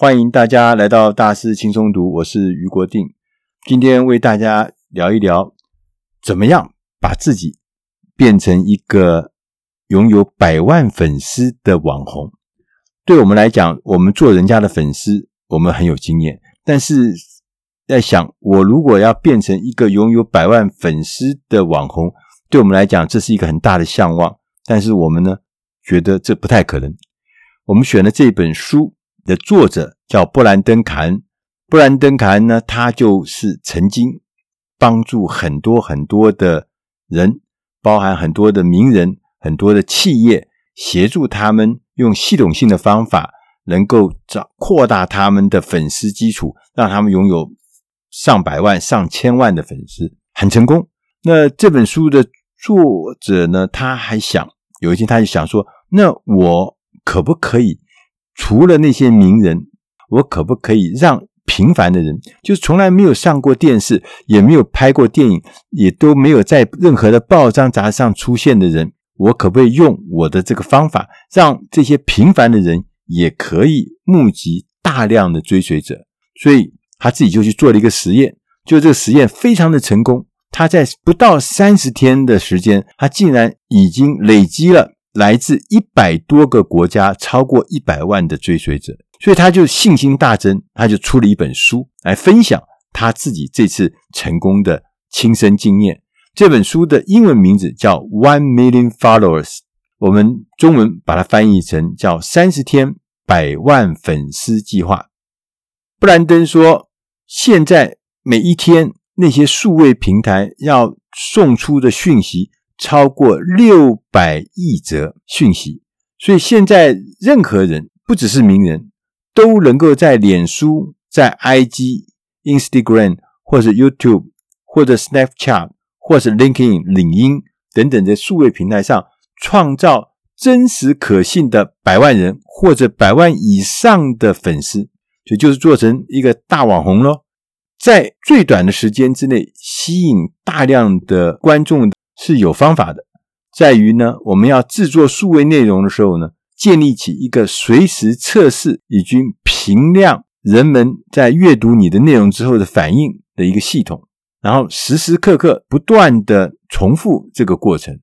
歡迎大家來到大師輕鬆讀，我是於國定，今天為大家聊一聊，怎麼樣把自己變成一個擁有百萬粉絲的網紅。對我們來講，我們做人家的粉絲，我們很有經驗。但是在想，我如果要變成一個擁有百萬粉絲的網紅，對我們來講，這是一個很大的向往。但是我們呢，覺得這不太可能。我們選了這本書。的作者叫布蘭登凱恩，布蘭登凱恩呢，他就是曾經幫助很多很多的人，包含很多的名人、很多的企業，協助他們用系統性的方法，能夠找，擴大他們的粉絲基礎，讓他們擁有上百萬、上千萬的粉絲，很成功。那這本書的作者呢，他還想有一天，他就想說：“那我可不可以？”除了那些名人，我可不可以讓平凡的人，就是從來沒有上過電視，也沒有拍過電影，也都沒有在任何的報章雜誌上出現的人，我可不可以用我的這個方法，讓這些平凡的人也可以募集大量的追隨者？所以他自己就去做了一個實驗，就這個實驗非常的成功。他在不到三十天的時間，他竟然已經累積了。來自一百多個國家，超過一百萬的追隨者，所以他就信心大增，他就出了一本書來分享他自己這次成功的親身經驗。這本書的英文名字叫《One Million Followers》，我們中文把它翻譯成叫《三十天百萬粉絲計劃》。布蘭登說，現在每一天那些數位平台要送出的訊息。超過六百億則訊息，所以現在任何人，不只是名人，都能夠在臉書、在 IG、Instagram，或者 YouTube，或者 Snapchat，或者 LinkedIn、領英等等的數位平台上，創造真實可信的百萬人或者百萬以上的粉絲，所以就是做成一個大網紅咯，在最短的時間之內吸引大量的觀眾。是有方法的，在於呢，我們要製作數位內容的時候呢，建立起一個隨時測試以及評量人們在閱讀你的內容之後的反應的一個系統，然後時時刻刻不斷地重複這個過程。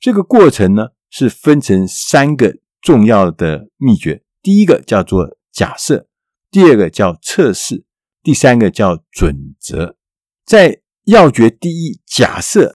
這個過程呢，是分成三個重要的秘訣：第一個叫做假設，第二個叫測試，第三個叫準則。在要訣第一，假設。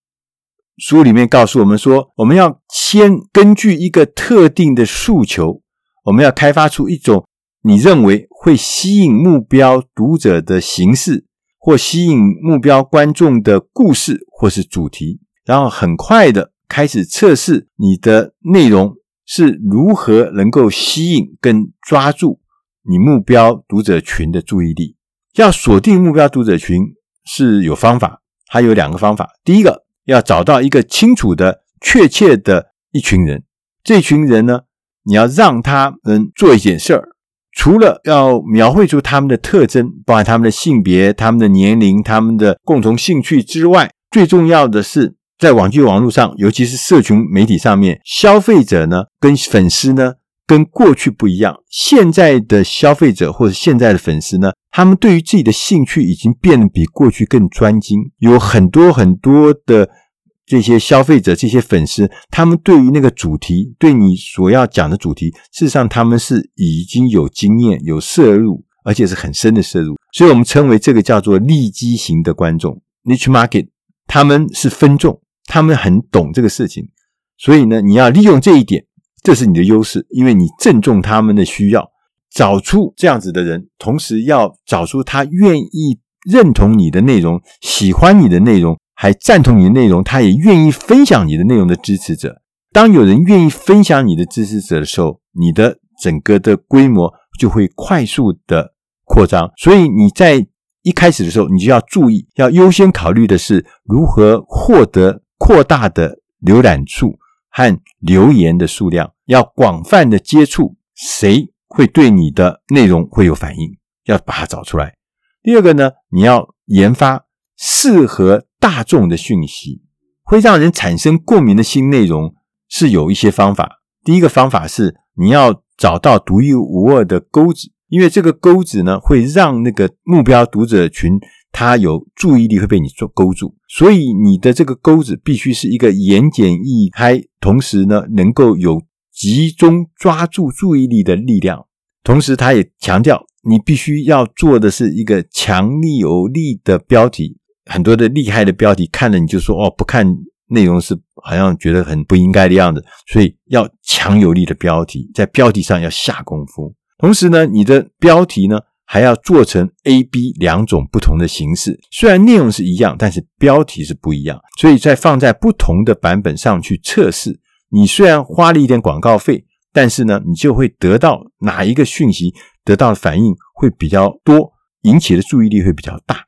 書裡面告訴我們說，我們要先根據一個特定的訴求，我們要開發出一種你認為會吸引目標讀者的形式，或吸引目標觀眾的故事，或是主題，然後很快的開始測試你的內容是如何能夠吸引跟抓住你目標讀者群的注意力。要鎖定目標讀者群是有方法，它有兩個方法，第一個。要找到一個清楚的、確切的一群人，這群人呢，你要讓他們做一件事兒。除了要描繪出他們的特徵，包含他們的性別、他們的年齡、他們的共同興趣之外，最重要的是在網際網絡上，尤其是社群媒體上面，消費者呢跟粉絲呢。跟過去不一樣，現在的消費者或者現在的粉絲呢，他們對於自己的興趣已經變得比過去更專精，有很多很多的這些消費者、這些粉絲，他們對於那個主題，對你所要講的主題，事實上他們是已經有經驗、有涉入，而且是很深的涉入，所以我們稱為這個叫做利基型的觀眾 （niche market）。他們是分眾，他們很懂這個事情，所以呢，你要利用這一點。這是你的優勢，因為你正中他們的需要，找出這樣子的人，同時要找出他願意認同你的內容、喜歡你的內容、還贊同你的內容，他也願意分享你的內容的支持者。當有人願意分享你的支持者的時候，你的整個的規模就會快速的擴張。所以你在一開始的時候，你就要注意，要優先考慮的是如何獲得擴大的瀏覽數和留言的數量。要廣泛的接觸，誰會對你的內容會有反應，要把它找出來。第二個呢，你要研發適合大眾的訊息，會讓人產生共鳴的新內容是有一些方法。第一個方法是你要找到獨一無二的鈎子，因為這個鈎子呢會讓那個目標讀者群他有注意力會被你做勾住，所以你的這個鈎子必須是一個言簡意賅，同時呢能夠有。集中抓住注意力的力量，同時他也強調，你必須要做的是一個強力有力的標題。很多的厲害的標題，看了你就說哦，不看內容是好像覺得很不應該的樣子。所以要強有力的標題，在標題上要下功夫。同時呢，你的標題呢還要做成 A、B 兩種不同的形式，雖然內容是一樣，但是標題是不一樣。所以再放在不同的版本上去測試。你雖然花了一點廣告費，但是呢，你就會得到哪一個訊息得到的反應會比較多，引起的注意力會比較大。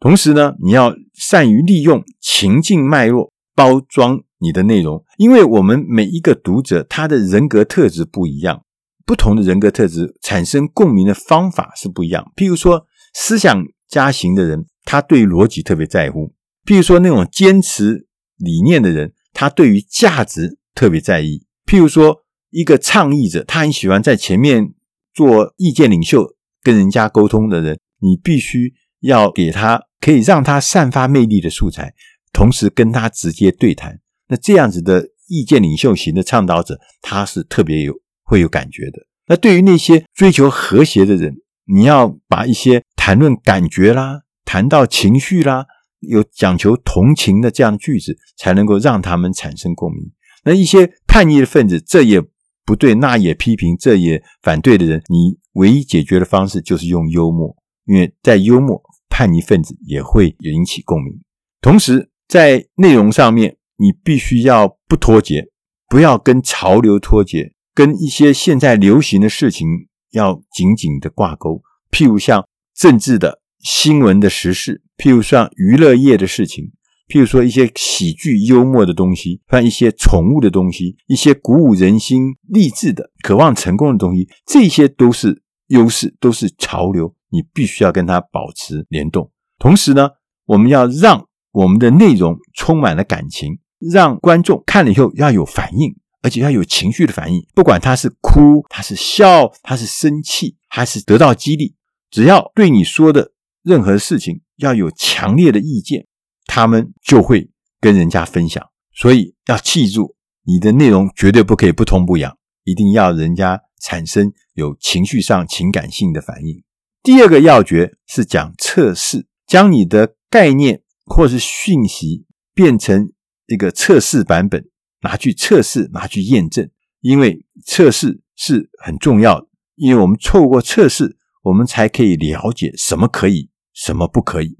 同時呢，你要善於利用情境脈絡包裝你的內容，因為我們每一個讀者他的人格特質不一樣，不同的人格特質產生共鳴的方法是不一樣。譬如說，思想家型的人，他對邏輯特別在乎；譬如說，那種堅持理念的人。他對於價值特別在意，譬如說，一個倡議者，他很喜歡在前面做意見領袖，跟人家溝通的人，你必須要給他可以讓他散發魅力的素材，同時跟他直接對談。那這樣子的意見領袖型的倡導者，他是特別有會有感覺的。那對於那些追求和諧的人，你要把一些談論感覺啦，談到情緒啦。有講求同情的這樣的句子，才能夠讓他們產生共鳴。那一些叛逆的分子，這也不對，那也批評，這也反對的人，你唯一解決的方式就是用幽默，因為在幽默，叛逆分子也會引起共鳴。同時，在內容上面，你必須要不脫節，不要跟潮流脫節，跟一些現在流行的事情要緊緊的掛鈎，譬如像政治的、新聞的時事，譬如像娛樂業的事情，譬如說一些喜劇、幽默的東西，放一些寵物的東西，一些鼓舞人心、勵志的、渴望成功的東西，這些都是優勢，都是潮流，你必須要跟它保持聯動。同時呢，我們要讓我們的內容充滿了感情，讓觀眾看了以後要有反應，而且要有情緒的反應，不管他是哭，他是笑，他是生氣，還是得到激勵，只要對你說的。任何事情要有強烈的意見，他們就會跟人家分享。所以要記住，你的內容絕對不可以不痛不癢，一定要人家產生有情緒上情感性的反應。第二個要訣是講測試，將你的概念或是訊息變成一個測試版本，拿去測試，拿去驗證，因為測試是很重要的。因為我們錯過測試，我們才可以了解什麼可以。什麼不可以？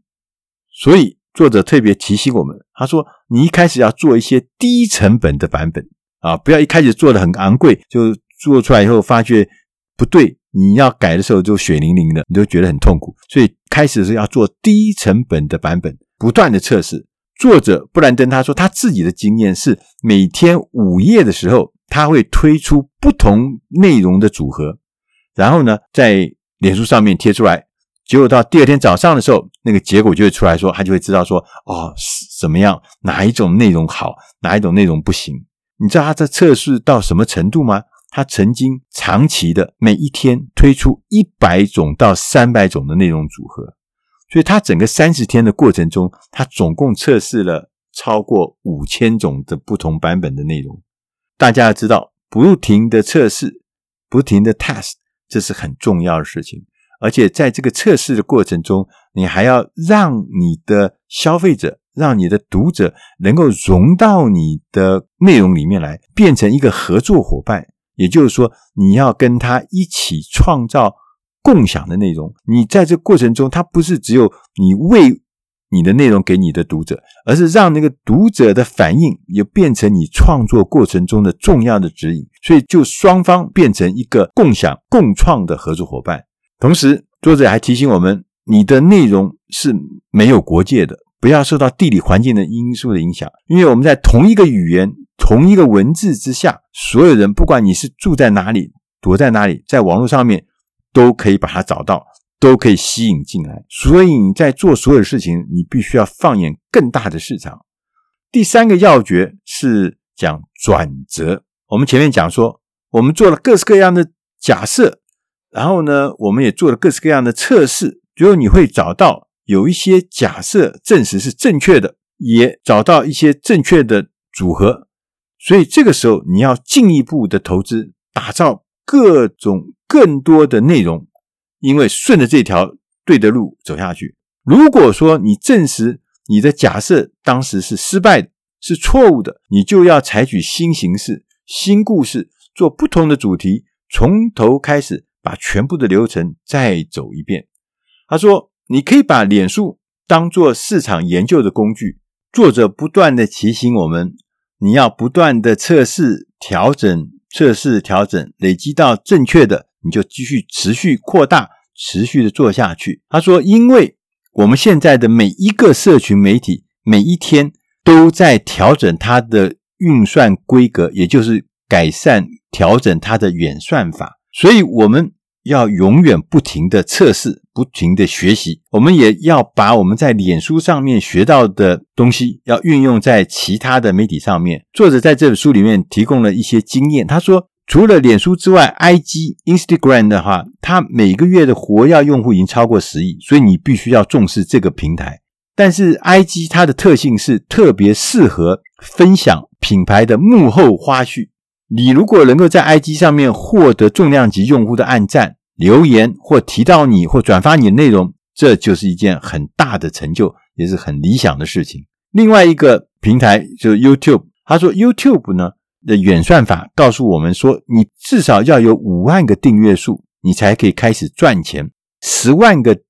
所以作者特別提醒我們，他說：“你一開始要做一些低成本的版本啊，不要一開始做的很昂貴，就做出來以後發覺不對，你要改的時候就血淋淋的，你都覺得很痛苦。所以開始是要做低成本的版本，不斷的測試。”作者布蘭登他說：“他自己的經驗是每天午夜的時候，他會推出不同內容的組合，然後呢，在臉書上面貼出來。”結果到第二天早上的時候，那個結果就會出來說，他就會知道說，哦，怎麼樣，哪一種內容好，哪一種內容不行？你知道他在測試到什麼程度嗎？他曾經長期的每一天推出一百種到三百種的內容組合，所以他整個三十天的過程中，他總共測試了超過五千種的不同版本的內容。大家要知道，不停的測試，不停的 test，這是很重要的事情。而且在這個測試的過程中，你還要讓你的消費者、讓你的讀者能夠融到你的內容裡面來，變成一個合作夥伴。也就是說，你要跟他一起創造共享的內容。你在這個過程中，他不是只有你餵你的內容給你的讀者，而是讓那個讀者的反應也變成你創作過程中的重要的指引。所以，就雙方變成一個共享共創的合作夥伴。同時，作者還提醒我們：你的內容是沒有國界的，不要受到地理環境的因素的影響。因為我們在同一個語言、同一個文字之下，所有人，不管你是住在哪裡、躲在哪裡，在網絡上面都可以把它找到，都可以吸引進來。所以你在做所有事情，你必須要放眼更大的市場。第三個要訣是講轉折。我們前面講說，我們做了各式各樣的假設。然後呢，我們也做了各式各樣的測試，最後你會找到有一些假設證實是正確的，也找到一些正確的組合。所以這個時候你要進一步的投資，打造各種更多的內容，因為順着這條對的路走下去。如果說你證實你的假設當時是失敗的，是錯誤的，你就要採取新形式、新故事，做不同的主題，從頭開始。把全部的流程再走一遍。他說：“你可以把臉書當做市場研究的工具，作者不斷的提醒我們，你要不斷的測試、調整、測試、調整，累積到正確的，你就繼續持續擴大、持續的做下去。”他說：“因為我們現在的每一個社群媒體，每一天都在調整它的運算規格，也就是改善、調整它的演算法。”所以我們要永遠不停的測試，不停的學習。我們也要把我們在臉書上面學到的東西，要運用在其他的媒體上面。作者在這本書裡面提供了一些經驗，他說，除了臉書之外，IG Instagram 的話，它每個月的活躍用戶已經超過十億，所以你必須要重視這個平台。但是，IG 它的特性是特別適合分享品牌的幕後花絮。你如果能夠在 IG 上面獲得重量級用戶的按讚、留言或提到你或轉發你的內容，這就是一件很大的成就，也是很理想的事情。另外一個平台就是 YouTube，他說 YouTube 呢的演算法告訴我們說，你至少要有五萬個訂閱數，你才可以開始賺錢。十萬個訂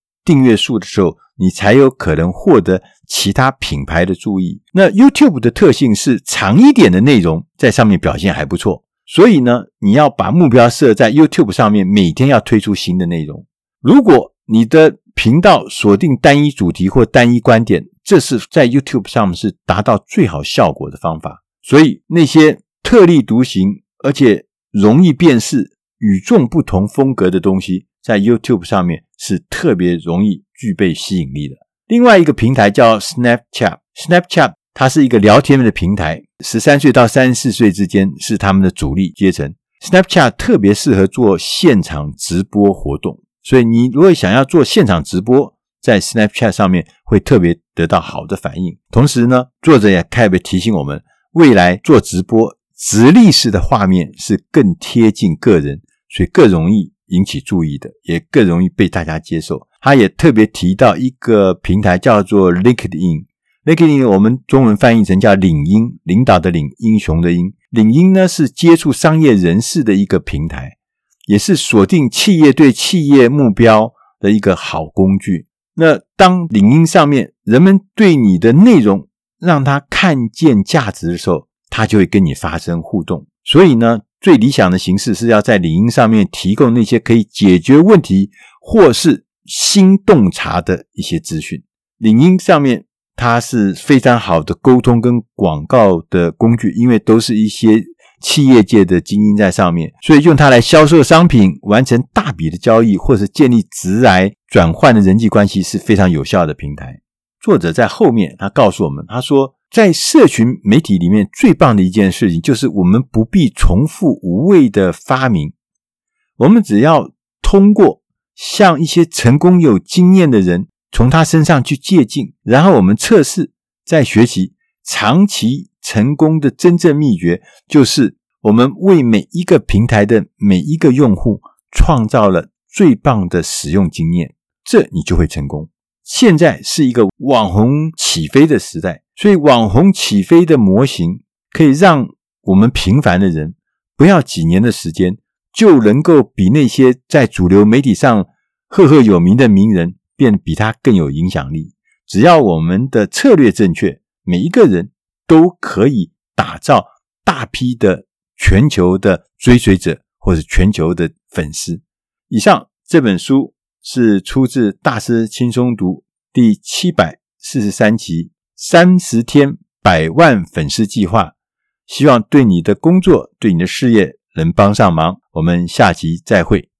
閱數的時候，你才有可能獲得其他品牌的注意。那 YouTube 的特性是長一點的內容在上面表現還不錯，所以呢，你要把目標設在 YouTube 上面，每天要推出新的內容。如果你的頻道鎖定單一主題或單一觀點，這是在 YouTube 上面是達到最好效果的方法。所以那些特立獨行而且容易辨識、與眾不同風格的東西，在 YouTube 上面是特別容易具備吸引力的另外一個平台叫 Snapchat，Snapchat 它是一個聊天的平台，十三歲到三十四歲之間是他們的主力階層。Snapchat 特別適合做現場直播活動，所以你如果想要做現場直播，在 Snapchat 上面會特別得到好的反應。同時呢，作者也特別提醒我們，未來做直播，直立式的畫面是更貼近個人，所以更容易。引起注意的，也更容易被大家接受。他也特別提到一個平台叫做 LinkedIn，LinkedIn 我們中文翻譯成叫領英，領導的領，英雄的英。領英呢是接觸商業人士的一個平台，也是鎖定企業對企業目標的一個好工具。那當領英上面人們對你的內容讓他看見價值的時候，他就會跟你發生互動。所以呢。最理想的形式是要在領英上面提供那些可以解決問題或是新洞察的一些資訊。領英上面它是非常好的溝通跟廣告的工具，因為都是一些企業界的精英在上面，所以用它來銷售商品，完成大筆的交易，或是建立直接轉換的人際關係是非常有效的平台。作者在後面他告訴我們，他說。在社群媒體裡面，最棒的一件事情就是我們不必重複無謂的發明，我們只要通過向一些成功有經驗的人從他身上去借鏡，然後我們測試再學習。長期成功的真正秘訣就是我們為每一個平台的每一個用戶創造了最棒的使用經驗，這你就會成功。現在是一個網紅起飛的時代。所以，網紅起飛的模型可以讓我們平凡的人，不要幾年的時間，就能夠比那些在主流媒體上赫赫有名的名人，變得比他更有影響力。只要我們的策略正確，每一個人都可以打造大批的全球的追隨者或者全球的粉絲。以上這本書是出自《大師輕鬆讀》第七百四十三集。三十天百萬粉絲計劃，希望對你的工作、對你的事業能幫上忙。我們下集再會。